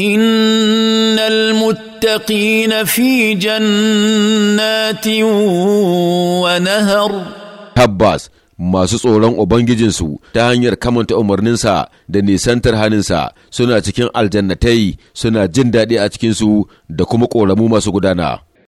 ان المتقين في جنات ونهر tabbas masu tsoron ubangijinsu ta hanyar kamanta umarninsa da nisantar haninsa suna cikin aljannatai suna jin daɗi a cikinsu da kuma ƙoramu masu gudana